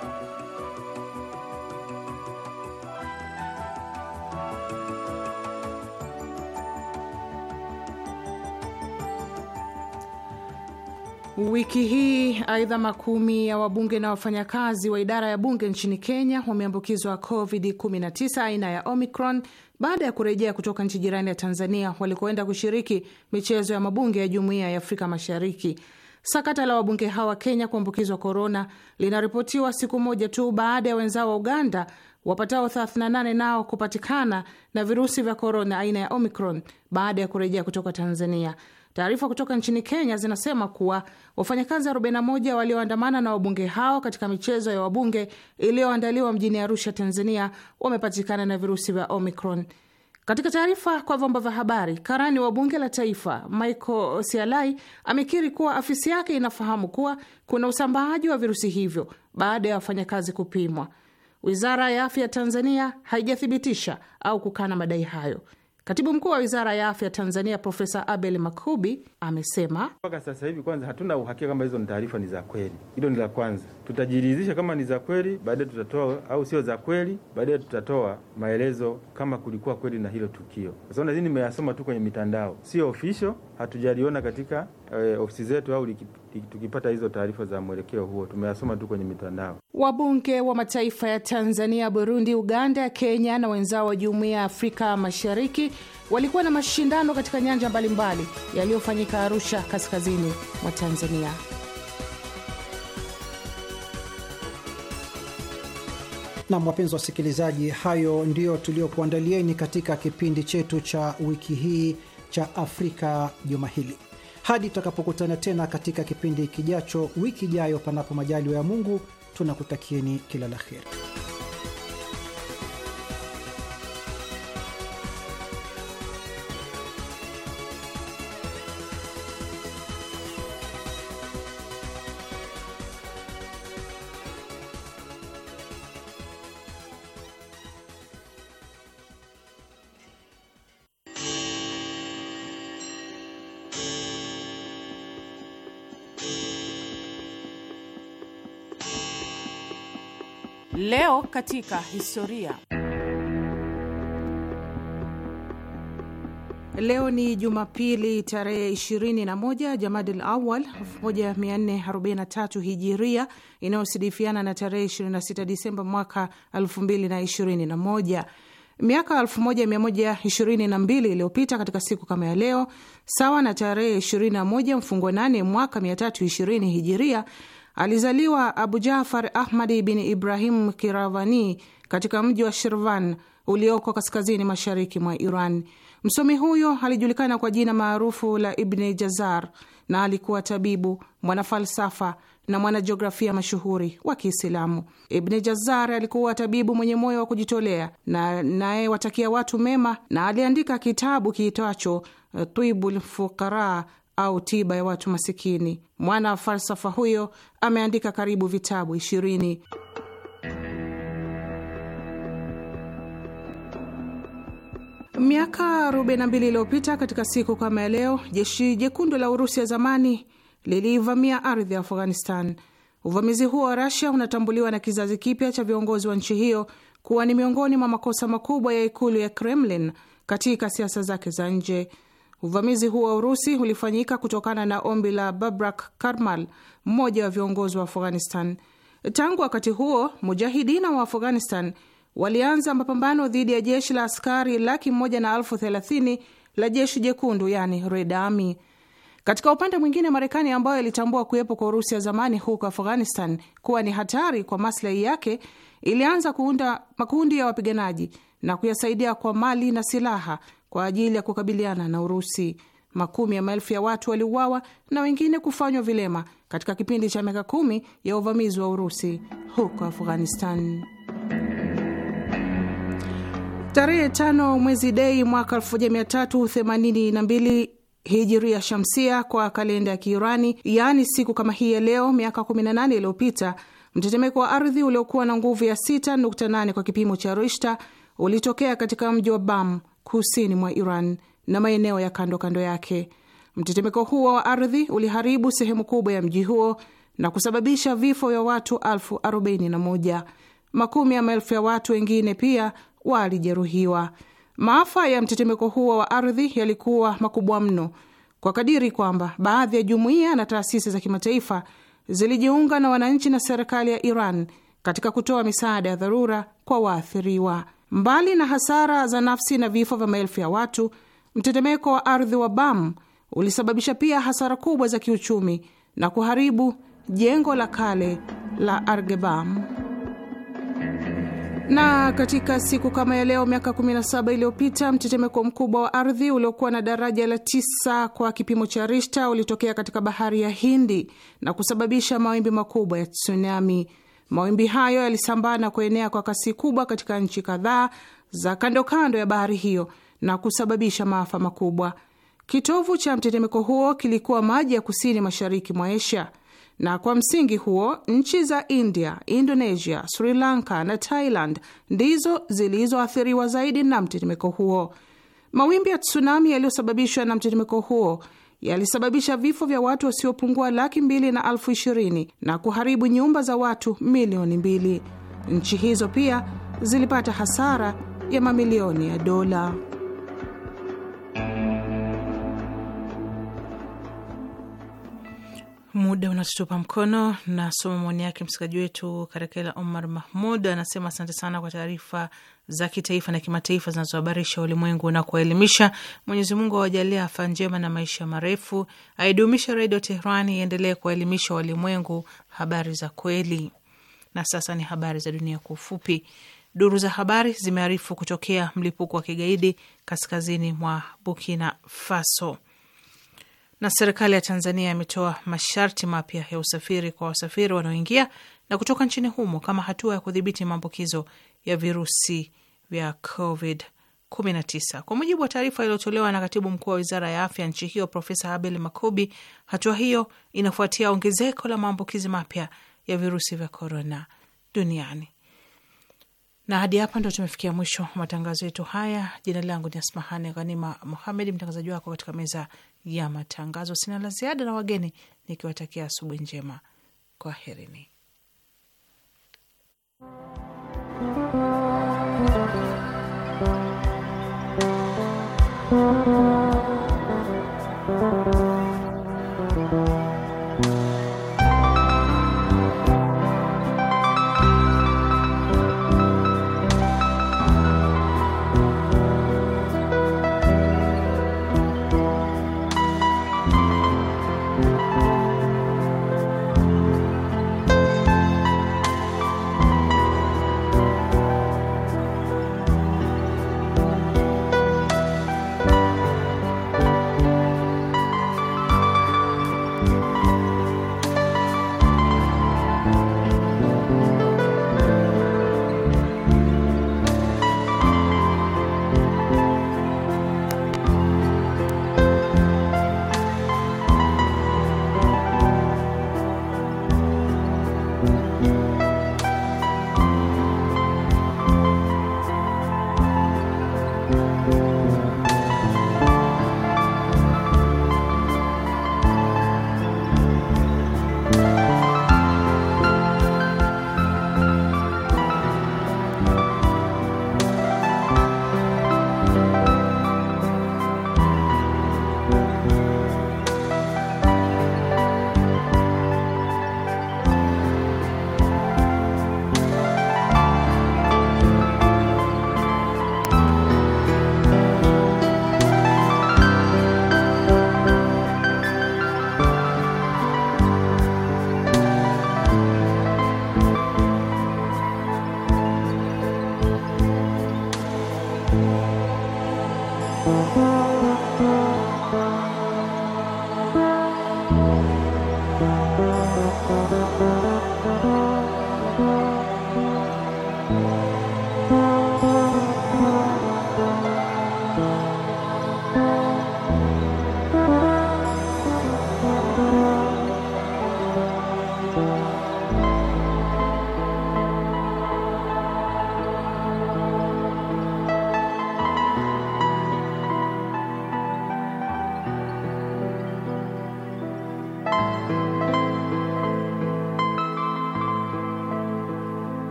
Wiki hii aidha, makumi ya wabunge na wafanyakazi wa idara ya bunge nchini Kenya wameambukizwa COVID-19 aina ya Omicron baada ya kurejea kutoka nchi jirani ya Tanzania walikoenda kushiriki michezo ya mabunge ya jumuiya ya Afrika Mashariki. Sakata la wabunge hawa wa Kenya kuambukizwa korona linaripotiwa siku moja tu baada ya wenzao wa Uganda wapatao 38 nao kupatikana na virusi vya korona aina ya Omicron baada ya kurejea kutoka Tanzania. Taarifa kutoka nchini Kenya zinasema kuwa wafanyakazi 41 walioandamana na wabunge hao katika michezo ya wabunge iliyoandaliwa mjini Arusha, Tanzania, wamepatikana na virusi vya Omicron. Katika taarifa kwa vyombo vya habari, karani wa bunge la taifa Michael Sialai amekiri kuwa afisi yake inafahamu kuwa kuna usambaaji wa virusi hivyo baada ya wafanyakazi kupimwa. Wizara ya afya ya Tanzania haijathibitisha au kukana madai hayo. Katibu mkuu wa wizara ya afya Tanzania Profesa Abel Makubi amesema
mpaka sasa hivi kwanza hatuna uhakika kama hizo ni taarifa ni za kweli. Hilo ni la kwanza, tutajiridhisha kama ni za kweli, baadaye tutatoa au sio za kweli, baadaye tutatoa maelezo kama kulikuwa kweli na hilo tukio, kwa sababu nadhani nimeyasoma tu kwenye mitandao, sio official hatujaliona katika e, ofisi zetu au tukipata hizo taarifa za mwelekeo huo, tumeyasoma tu kwenye mitandao.
Wabunge wa mataifa ya Tanzania, Burundi, Uganda, Kenya na wenzao wa Jumuiya ya Afrika Mashariki walikuwa na mashindano katika nyanja mbalimbali yaliyofanyika Arusha, kaskazini mwa Tanzania.
Nam, wapenzi wasikilizaji, hayo ndiyo tuliokuandalieni katika kipindi chetu cha wiki hii cha Afrika juma hili. Hadi tutakapokutana tena katika kipindi kijacho, wiki ijayo, panapo majaliwa ya Mungu, tunakutakieni kila la heri.
Leo katika historia. Leo ni Jumapili tarehe 21 Jamadil Awal 1443 Hijiria, inayosidifiana na tarehe 26 Disemba mwaka 2021. Miaka 1122 iliyopita katika siku kama ya leo, sawa na tarehe 21 mfungo 8 mwaka 320 Hijiria, Alizaliwa Abu Jafar Ahmadi bin Ibrahim Kiravani katika mji wa Shirvan ulioko kaskazini mashariki mwa Iran. Msomi huyo alijulikana kwa jina maarufu la Ibni Jazar na alikuwa tabibu, mwanafalsafa na mwanajiografia mashuhuri wa Kiislamu. Ibni Jazar alikuwa tabibu mwenye moyo wa kujitolea na nayewatakia watu mema, na aliandika kitabu kiitwacho Twibul Fuqara au tiba ya watu masikini. Mwana wa falsafa huyo ameandika karibu vitabu ishirini. Miaka 42 iliyopita katika siku kama ya leo, jeshi jekundu la Urusi ya zamani liliivamia ardhi ya Afghanistan. Uvamizi huo wa Rasia unatambuliwa na kizazi kipya cha viongozi wa nchi hiyo kuwa ni miongoni mwa makosa makubwa ya ikulu ya Kremlin katika siasa zake za nje. Uvamizi huo wa Urusi ulifanyika kutokana na ombi la Babrak Karmal, mmoja wa viongozi wa Afghanistan. Tangu wakati huo mujahidina wa Afghanistan walianza mapambano dhidi ya jeshi la askari laki moja na elfu thelathini la jeshi jekundu, yani Red Army. Katika upande mwingine, Marekani ambayo ilitambua kuwepo kwa Urusi ya zamani huko Afghanistan kuwa ni hatari kwa maslahi yake, ilianza kuunda makundi ya wapiganaji na kuyasaidia kwa mali na silaha kwa ajili ya kukabiliana na Urusi. Makumi ya maelfu ya watu waliuawa na wengine kufanywa vilema katika kipindi cha miaka kumi ya uvamizi wa Urusi huko Afghanistan. Tarehe tano mwezi Dei mwaka 1382 hijiria shamsia kwa kalenda ya Kiirani, yaani siku kama hii ya leo miaka 18 iliyopita, mtetemeko wa ardhi uliokuwa na nguvu ya 6.8 kwa kipimo cha Rishta ulitokea katika mji wa Bam kusini mwa Iran na maeneo ya kando kando yake. Mtetemeko huo wa ardhi uliharibu sehemu kubwa ya mji huo na kusababisha vifo vya watu elfu arobaini na moja. Makumi ya maelfu ya watu wengine pia walijeruhiwa. Maafa ya mtetemeko huo wa ardhi yalikuwa makubwa mno kwa kadiri kwamba baadhi ya jumuiya na taasisi za kimataifa zilijiunga na wananchi na serikali ya Iran katika kutoa misaada ya dharura kwa waathiriwa. Mbali na hasara za nafsi na vifo vya maelfu ya watu, mtetemeko wa ardhi wa Bam ulisababisha pia hasara kubwa za kiuchumi na kuharibu jengo la kale la Argebam. Na katika siku kama ya leo miaka 17 iliyopita mtetemeko mkubwa wa ardhi uliokuwa na daraja la tisa kwa kipimo cha rishta ulitokea katika bahari ya Hindi na kusababisha mawimbi makubwa ya tsunami. Mawimbi hayo yalisambaa na kuenea kwa kasi kubwa katika nchi kadhaa za kando kando ya bahari hiyo na kusababisha maafa makubwa. Kitovu cha mtetemeko huo kilikuwa maji ya kusini mashariki mwa Asia, na kwa msingi huo nchi za India, Indonesia, Sri Lanka na Thailand ndizo zilizoathiriwa zaidi na mtetemeko huo. Mawimbi ya tsunami yaliyosababishwa na mtetemeko huo yalisababisha vifo vya watu wasiopungua laki mbili na alfu ishirini na kuharibu nyumba za watu milioni mbili. Nchi hizo pia zilipata hasara ya mamilioni ya dola. Muda unatutupa mkono. Nasoma maoni yake msikaji wetu Karekela Omar Mahmud anasema asante sana kwa taarifa za kitaifa na kimataifa zinazohabarisha ulimwengu na kuwaelimisha. Mwenyezi Mungu awajalie afya njema na maisha marefu, aidumishe Redio tehran iendelee kuwaelimisha walimwengu habari za kweli. Na sasa ni habari za dunia kwa ufupi. Duru za habari zimearifu kutokea mlipuko wa kigaidi kaskazini mwa Burkina Faso. Na serikali ya Tanzania imetoa masharti mapya ya usafiri kwa wasafiri wanaoingia na kutoka nchini humo kama hatua ya kudhibiti maambukizo ya virusi vya COVID 19. Kwa mujibu wa taarifa iliyotolewa na katibu mkuu wa wizara ya afya nchi hiyo Profesa Abel Makubi, hatua hiyo inafuatia ongezeko la maambukizi mapya ya virusi vya korona duniani. Na hadi hapa ndo tumefikia mwisho wa matangazo yetu haya. Jina langu ni Asmahani Ghanima Muhamed, mtangazaji wako katika meza ya matangazo. Sina la ziada na wageni, nikiwatakia asubuhi njema. Kwaherini.